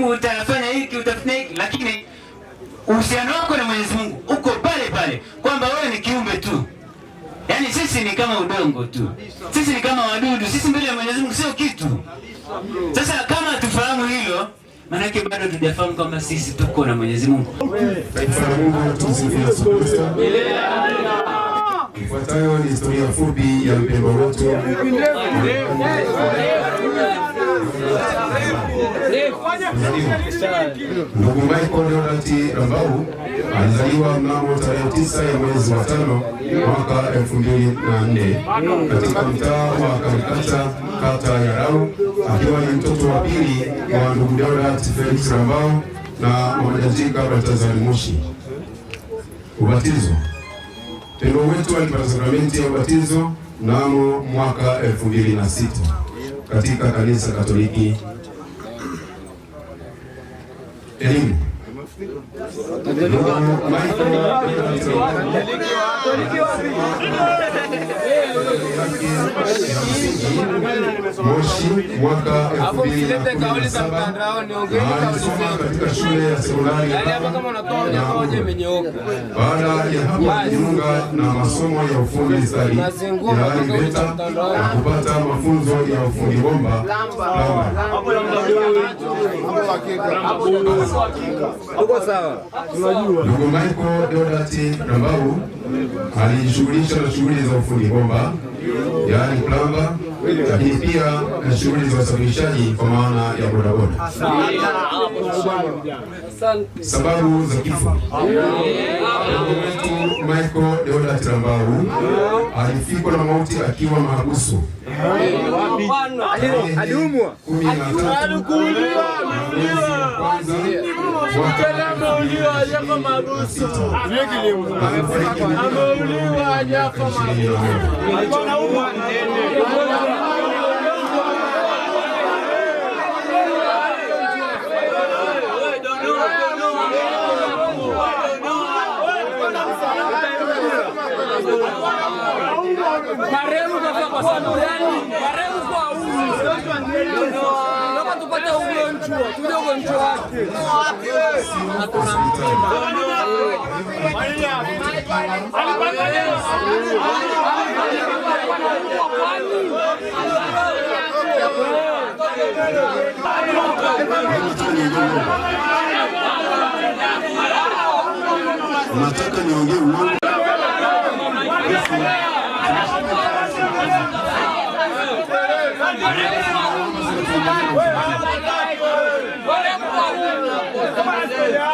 karibu, utafanya hiki, utafanya hiki, lakini uhusiano wako na Mwenyezi Mungu uko pale pale, kwamba wewe ni kiumbe tu, yaani sisi ni kama udongo tu, sisi ni kama wadudu, sisi mbele ya Mwenyezi Mungu sio kitu. Sasa kama tufahamu hilo Manake bado tujafahamu kwamba sisi tuko na Mwenyezi Mungu. Ifuatayo ni historia fupi ya mpendwa wetu ndugu Michael Deodat Rambau. Alizaliwa mnamo tarehe tisa ya mwezi wa tano mwaka elfu mbili na nne katika mtaa wa Karikata, kata ya Rau, akiwa ni mtoto wa pili wa ndugu Deodat Felix Rambau na Mwananjika Baltazari Moshi. Ubatizo Tendo wetu alipata sakramenti ya ubatizo mnamo mwaka 2006 katika kanisa Katoliki. Elimu Moshi mwaka elfu mbili na kumi na saba alisoma katika shule ya sekondari ya yaani baada ya hapo kujiunga na masomo ya ufundi stadi yaani VETA na kupata mafunzo ya ufundi bomba Ndugu Michael Deodati Rambabu alijishughulisha na shughuli za ufundi bomba yaani plamba, lakini pia na shughuli za usafirishaji kwa maana ya bodaboda. Sababu za kifo, ndugu wetu Michael Deoda Tilambaru alifikwa na mauti akiwa mahabusu kumi na tatu Mtaalamu uliwa Jafo Mabusu ameuliwa. Jafo Mabusu mareu kwa sababu gani? mareu kwa uzi tunamjua kidogo mtu wake na tunampima. Nataka niongee uongo